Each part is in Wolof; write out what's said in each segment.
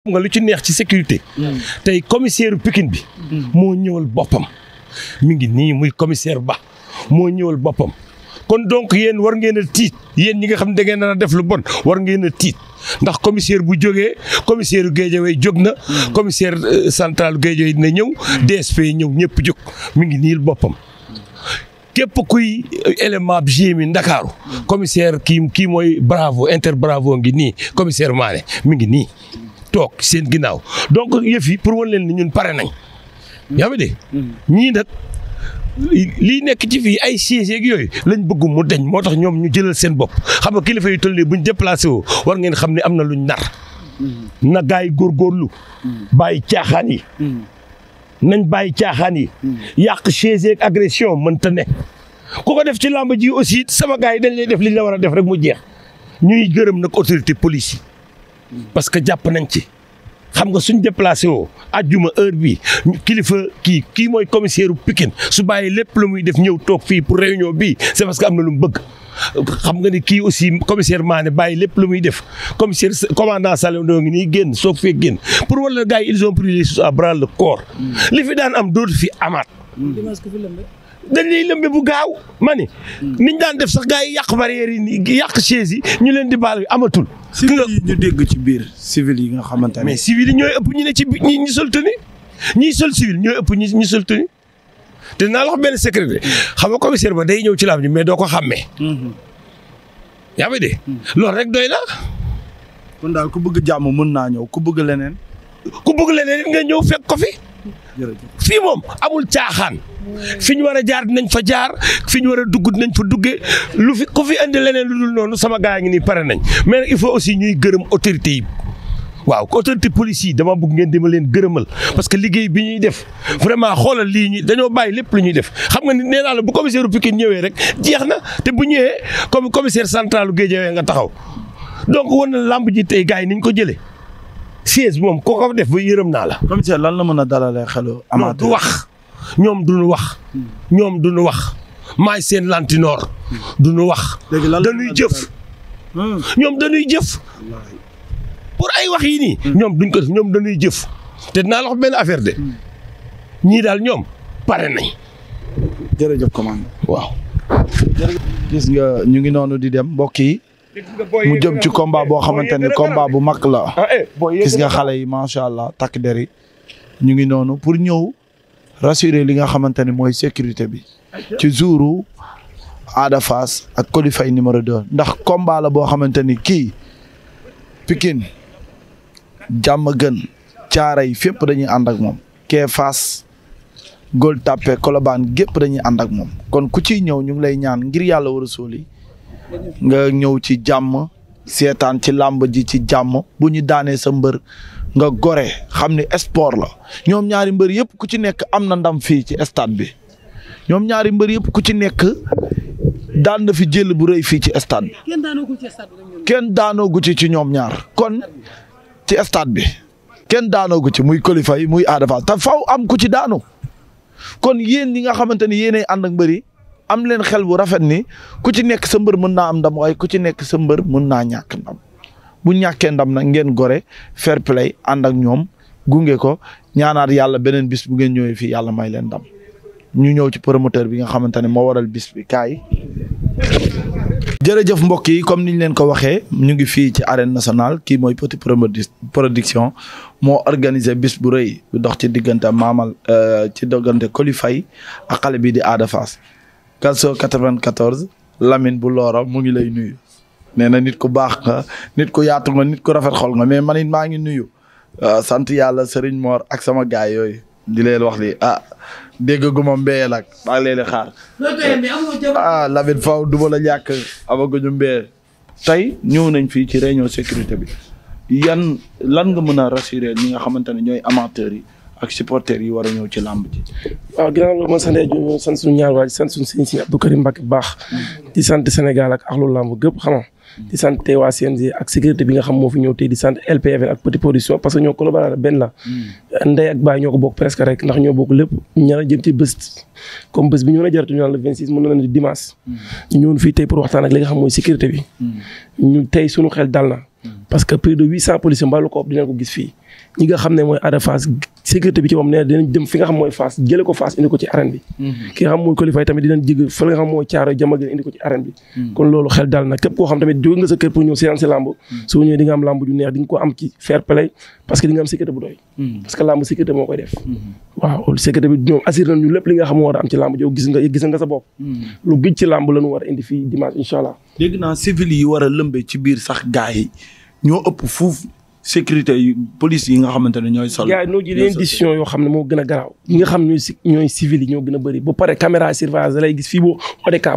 nga lu ci neex ci sécurité. Hmm. tey commissaire Pikine bi. Hmm. moo ñëwal boppam. mi ngi nii muy commissaire Ba moo ñëwal boppam. kon donc yéen war ngeen a tiit yéen ñi nga xam ne da ngeen a def lu bon war ngeen a ndax commissaire bu jógee commissaire Guédiawaye jóg na. Hmm. commissaire euh, central Guédiawaye dina ñëw. DSP ñëw ñëpp jóg mi ngi niil boppam. képp kuy euh, élément bi mi Ndakaaru. commissaire kii kii mooy bravo inter bravo ngi nii commissaire Mané mi ngi nii. toog seen ginnaaw donc yëf yi pour wan leen ñun pare nañ. yaa ngi de ñii nag lii nekk ci fii ay siège yooyu lañ bëgg mu deñ moo tax ñoom ñu jëlal seen bopp xam nga kilifa yu toll nii buñ déplacé woo war ngeen xam ne am na luñ nar. Mm-hmm. na gaa yi góorgóorlu. Mm-hmm. bàyyi caaxaan yi. Mm-hmm. nañ bàyyi caaxaan yi. yàq chaise ak agression mënta ne. ku ko def ci làmb ji aussi sama gars yi dañ lay def li la war a def rek mu jeex ñuy gërëm nag autorité police parce que jàpp nañ ci xam nga suñ déplacé woo juma heure bi kilifa kii kii mooy commissaire pikin su bàyyi lépp lu muy def ñëw toog fii pour réunion bi c'est parce que am na lu mu bëgg xam nga ni kii aussi commissaire Mané bàyyi lépp lu muy def commissaire commandant Sallé Ndo ngi nii génn soog fee génn pour wala gars yi ils ont pris les choses à bras le hmm. li fi daan am dootu fi amaat hmm. dañ lay lëmbe bu gaaw ma ni hmm. niñ daan def sax gars yi yàq barrières yi yàq chaise yi ñu leen di baal amatul civil yi ñu dégg ci biir civil yi nga xamante ne. mais civil yi ñooy ëpp ñu ne ci biir ñi ñu sol tenue ñiy sol civil ñooy ëpp ñi ñu sol tenue te naa la wax benn secret xam nga commissaire ba day ñëw ci laam ji mais doo ko xàmmee. Mhm. yaa ngi dégg. loolu rek doy na. kon daal ku bëgg jàmm mën naa ñëw ku bëgg leneen. ku bëgg leneen nga ñëw fek ko fi. fii moom amul caaxaan fi ñu war a jaar dinañ fa jaar fi ñu war a dugg dinañ fa duggee lu fi ko fi indi leneen lu dul noonu sama gaa ngi nii pare nañ mais il faut aussi ñuy gërëm autorité yi waaw autorité police yi dama bëgg ngeen dima leen gërëmal parce que liggéey bi ñuy def vraiment xoolal lii ñuy dañoo bàyyi lépp lu ñuy def xam nga ni nee naa la bu commissaire u Pikine ñëwee rek jeex na te bu ñëwee comme commissaire central u Guédiawaye nga taxaw donc war na làmb ji tey gars yi niñ ko jëlee siège moom ko ko def ba yërëm naa la. commissaire lan la mën a dalalee xelu. amateur du wax ñoom du ñu wax. Hmm. ñoom du ñu wax maay seen lantinoor. Hmm. du nu wax. dañuy jëf. Hmm. ñoom dañuy jëf. pour ay wax yi nii. ñoom duñ ko def ñoom dañuy jëf. te dinaa la wax benn affaire de. ñii daal ñoom pare nañ. jërëjëf commande waaw. nga ñu ngi noonu di dem mbokk yi. mu jëm ci combat boo xamante ni combat bu mag la gis nga xale yi macha allah takk der ñu ngi noonu pour ñëw rassurer li nga xamante ni mooy sécurité bi ci jouru Ada Fass ak Coly Faye numéro 2 ndax combat la boo xamante ni kii Pikine jàmm gën caara yi fépp dañuy ànd ak moom kee Fass Gueule Tapée Colobane gépp dañuy ànd ak moom kon ku ciy ñëw ñu ngi lay ñaan ngir yàlla war a sóoli nga ñëw ci jàmm seetaan ci làmb ji ci jàmm bu ñu daanee sa mbër nga gore xam ne sport la ñoom ñaari mbër yëpp ku ci nekk am na ndam fii ci stade bi ñoom ñaari mbër yëpp ku ci nekk daan na fi jël bu rëy fii ci stade bi kenn daanoogu ci ci ñoom ñaar kon ci stade bi kenn daanoogu ci muy Coly Faye muy Ada Fass te faw am ku ci daanu kon yéen ñi nga xamante ni yéenay ànd ak mbër yi am leen xel bu rafet ni ku ci nekk sa mbër mën naa am ndam waaye ku ci nekk sa mbër mën naa ñàkk ndam bu ñàkkee ndam na ngeen gore fair play ànd ak ñoom gunge ko ñaanaat yàlla beneen bis bu ngeen ñëwee fii yàlla may leen ndam ñu ñëw ci promoteur bi nga xamante ne moo waral bis bi kaay. jërëjëf mbokk yi comme niñ leen ko waxee ñu ngi fii ci arène national kii mooy petit production moo organisé bis bu rëy bu dox ci diggante maamal euh, ci diggante Coly Faye ak xale bi di Ada Kalso 94 Lamine bu Loora mu ngi lay nuyu. nee na nit ku baax nga nit ku yaatu nga nit ku rafet xol nga mais man maa ngi nuyu. Euh, sant yàlla Serigne Mor ak sama gaay yooyu. di leen wax li ah dégg gu ma mbéyee nag maa ngi leen di xaar. ah Lamine faw du ma la ñàkk amaguñu mbéyee. tey ñëw nañ fii ci réunion sécurité bi yan lan nga mën a rassurer ñi nga xamante ne ñooy amateurs yi. ak supporters yi war a ñëw ci làmb ji. waaw ginnaaw loolu ma sant di sant suñu ñaar waa ji sant suñu sëñ si Abdou Karim Mbacke baax. Mm. di sant Sénégal ak axlu làmb gëpp xam nga mm. di sant tey waa CNG ak sécurité bi nga xam moo fi ñëw tey di sant LPFL ak Petit Production parce que ñoo collaborer benn la. Mm. ndey ak baay ñoo ko bokk presque rek ndax ñoo bokk lépp ñaar jëm ci bés. comme bés bi ñu mën a jaratu ñu naan le 26 mën na leen di dimanche. ñu ñëwoon fii tey pour waxtaan ak li nga xam mooy sécurité bi. ñu tey suñu xel dal na. parce que plus de huit cent policiers mbaalu ko dinañ ko gis fii ñi nga xam ne mooy aada Fass sécurité bi ci moom nee dinañ dem fi nga xam mooy Fass jële ko Fass indi ko ci arène bi mhm. mhm. kon loolu xel daal na képp koo xam tamit jóge nga sa kër pour ñëw séance lamb mhm. soo ñëwee di nga am lamb ju neex di nga ko am ci fair play parce que di nga am sécurité bu doy parce que lamb sécurité moo koy def waaw sécurité bi ñoom assuré nañu lépp li nga xam a am ci a indi fii ñoo ëpp fuuf sécurité yi police yi nga xamante ne ñooy. sol yaay noo ji leen yoo xam ne moo gën a garaaw. ñi nga xam ñooy ñooy civil yi ñoo gën a bëri ba pare caméra surveillance gis fii boo ODK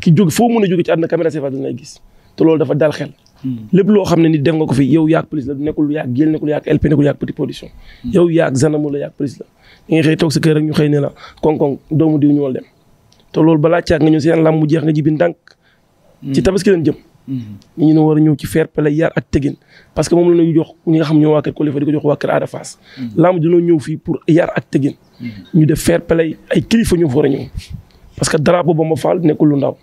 ki jóg foo mun a jóge ci àdduna caméra surveillance da lay gis te loolu dafa dal xel. Hmm. lépp loo xam ne ni def nga ko fi yow yaag police la nekkul yaag jël nekkul yaag LP nekkul yaag petite production. Hmm. yow yaag gendarmerie la yaag police toog sa kër rek ñu xëy ne la koŋ-koŋ doomu diw ñu dem te loolu balaa caag nga ñëw seen mu jeex nga ji bi ndànk. Hmm. ci tabaski leen jëm ñu ñi war a ñëw ci fair play yar ak tegin parce que moom la ñuy jox ñi nga xam ñoo waa kër Coly Faye di ko jox waa kër Ada Fass mm-hmm. lamb dinoo ñëw fii pour yar ak tegin mm-hmm. ñu def fair play ay kilifa ñoo fa ñëw parce que drapeau Bamba Fall nekkul lu ndaw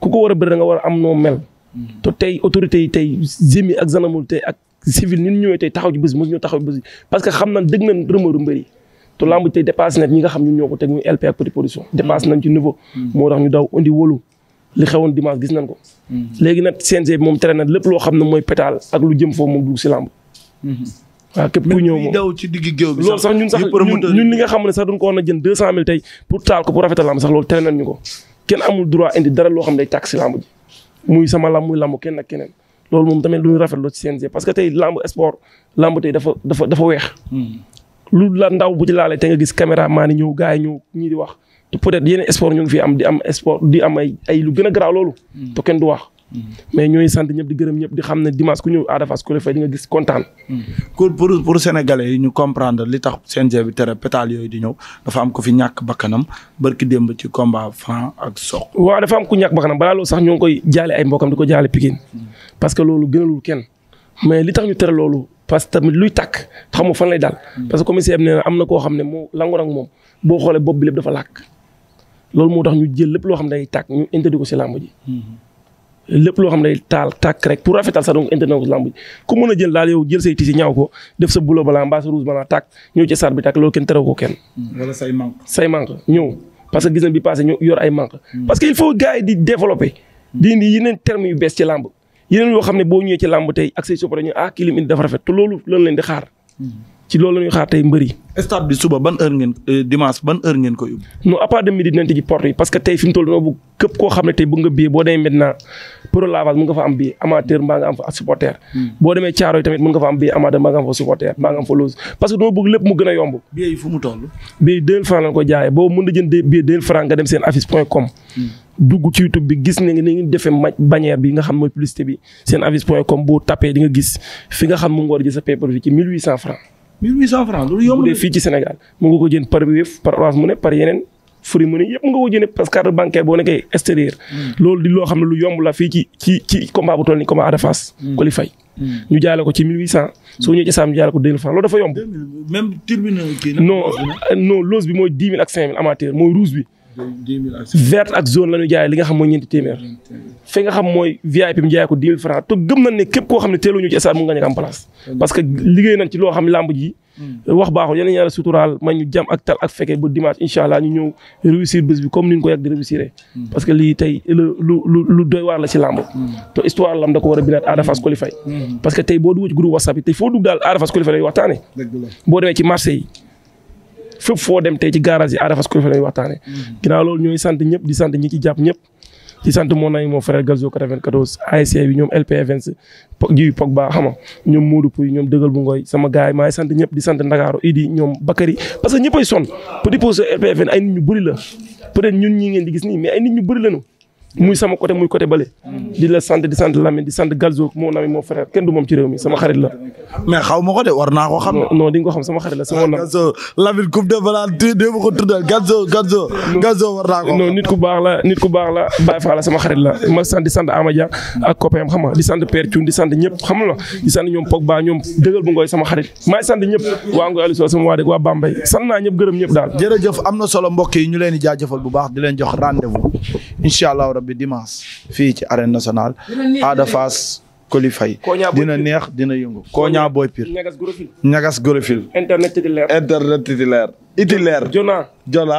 ku ko war a bëri da war a am noo mel mm-hmm. te tey autorité tey gémi ak zanamul tey ak civil taxaw ci bés mosu ñoo parce que xam na dëgg nañ rumeur mbër yi te lamb tey dépassé na ñi nga xam ñun ñoo ko teg muy LP ak Petit Production dépassé nañ ci niveau moo tax ñu daw indi wóolu li xewoon dimanche gis nañ ko. léegi nag CNG moom tere na lépp loo xam ne mooy pétale ak lu jëm foofu moom dugg si làmb. waaw képp lu ñëw moom daw ci digg géew bi. loolu sax ñun sax ñun li nga xam ne sax duñ ko war a jënd deux cent mille tey pour taal ko pour rafetal làmb sax loolu tere nañ ñu ko. kenn amul droit indi dara loo xam ne day tàkk si làmb ji muy sama làmb muy làmb kenn ak keneen loolu moom tamit lu ñu rafetloo ci CNG parce que tey làmb sport làmb tey dafa dafa dafa weex. Hmm. lu la ndaw bu ci laalee te nga gis caméraman yi ñëw gars yi ñëw ñii di wax peut-être yeneen sport ñu ngi fi am di am sport di am ay lu gën a garaaw loolu. Mm. te kenn du wax. Mm. mais ñooy sant ñëpp di gërëm ñëpp di xam ne dimanche ku ñëw Ada Fass ku di nga gis kontaan. pour mm. pour pour sénégalais yi ñu comprendre li tax CNG bi tere pétale yooyu di ñëw dafa am ko fi ñàkk bakkanam barki démb ci combat franc ak sox. waaw dafa am ku ñàkk bakkanam balaa loolu sax ñoo ngi koy jaale ay mbokkam di ko jaale Pikine parce que loolu gënalul kenn mais li tax ñu tere loolu parce que tamit luy tàkk xamu fan lay daal. Hmm. parce que commissaire bi na am na koo xam ne moo langu ak moom boo xoolee bopp bi lépp dafa làkk. loolu moo tax ñu jël lépp loo xam ne day tàkk ñu interdit ko si làmb hmm. loo xam ne day taal tàkk rek pour rafetal jël daal yow jël say ko def sa bulo balaa mbaa sa rouge balaa tàkk ñëw ci saar bi tàkk loolu kenn terew ko kenn. Hmm. wala say manque. say manque ñëw parce que gis nañ bi passé ñu yor ay manque. parce que il faut gars yi di développer. di indi yeneen termes yu bees ci làmb. yeneen yoo xam ne boo ñëwee ci làmb tey ak say sopp dañu ah kii lim indi dafa rafet te loolu lan leen di xaar. ci loolu la xaar tey mbëri. stade bi suba ban heure ngeen euh, ban heure ngeen ko yóbbu. non à part de midi dinañ yi parce que tey fi mu toll nii képp koo xam ne tey bëgg nga biyee boo demee maintenant pro lavage mën nga fa am bii amateur mbaa nga am fa supporter hmm. boo demee caaro yi tamit mën nga fa am bii amateur mbaa nga am fa supporter mbaa nga am fa loose parce que dama bëgg lépp mu gën a yomb billet yi mu toll billet deux hmm. bi nga xam mooy publicité bi seen avis point com boo tapé di nga gis fi nga xam mu ngi war a gis sa pay per view ci mille huit cent francs mille huit cent francs loolu yomb de fii ci Sénégal mu ngi ko jënd par wéef par free money yëpp nga ko jëndee parce que carte bancaire boo nekkee extérieur. Mm. loolu di loo xam ne lu yomb la fii ci ci ci combat bu toll nii combat Ada Fass. qualify mm. mm. ñu jaale ko ci 1800. soo ñëwee ci saam ñu jaale ko 2000F loolu dafa yomb. même tribune kii non non loose bi mooy 10 000 ak 5000 amateur mooy rouge bi. verte ak zone la ñu li nga xam mooy ñeenti téeméer fi nga xam mooy VIP mu jaay ko 10 000 francs te gëm nañ ne képp koo xam ne teeluñu ci stade mu nga nekk loo xam ne làmb ji wax baaxul yeneen ak tal ak fekkee ba dimanche incha allah ñu ñëw réussir bés bi comme ni ñu ko yàgg di réussir parce que tey lu doy waar la ci làmb te histoire lam da ko war a binaat Ada Fass qualifié parce que tey boo dugg ci groupe whatsapp yi tey foo dugg daal Ada Fass qualifié lay waxtaane fépp foo dem tey ci garage yi Ada Fass Coiffure lañuy waxtaane mm-hmm. ginnaaw loolu ñooy sant ñëpp di sant ñi ci jàpp ñëpp di sant mon ami mon frère Galzo 94 ASC bi ñoom LP Events ji Pogba xam nga ñoom Modou ñoom dëgal bu ngoy sama gars yi sant ñëpp di sant Ndakaaru Idi ñoom Bakary parce que ñëpp ay sonn petit poste ay nit ñu bëri la peut-être ñun ñi ngeen di gis nii mais ay nit ñu bëri lañu muy sama côté muy côté bale di la sant di sant Lamine di sant Galzo mon ami mon frère kenn du moom ci réew mi sama xarit la. mais xaw ma ko war naa ko xam. non ko xam sama xarit la sama ah, nam. Galzo Lamine coupe war naa ko nit ku baax la nit ku baax la Baye sama xarit la ma sant di sant Amadia ak copain xam nga di sant Père Thioune di sant ñëpp xam nga di sant ñoom Pogba ñoom dëgal bu ngoy sama xarit maay sant ñëpp waa Ngoy Aliou Sow sama waa dëkk waa Bambey sant naa ñëpp gërëm ñëpp daal. jërëjëf am na solo mbokk yi ñu leen di jaajëfal bu baax di leen jox rendez-vous inshallah rabbi dimanche fii ci arène nationale Ada Fass Coly Faye dina neex dina yëngu Koña Boy Pire ñagas gorofil internet titulaire internet titulaire itilaire jona jona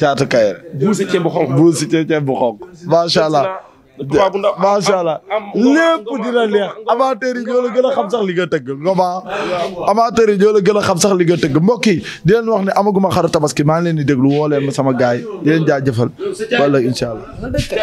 caatu kayere buusi ceeb bu xonk buusi ceeb bu xonk ma allah macha allah lépp dina neex amateurs yi ñoo la gën a xam sax li nga tëgg ngoma amateurs yi ñoo la gën a xam sax li nga tëgg mbokk yi di leen wax ne amaguma xaru tabaski maa ngi leen di déglu woo leen sama gaay yi di leen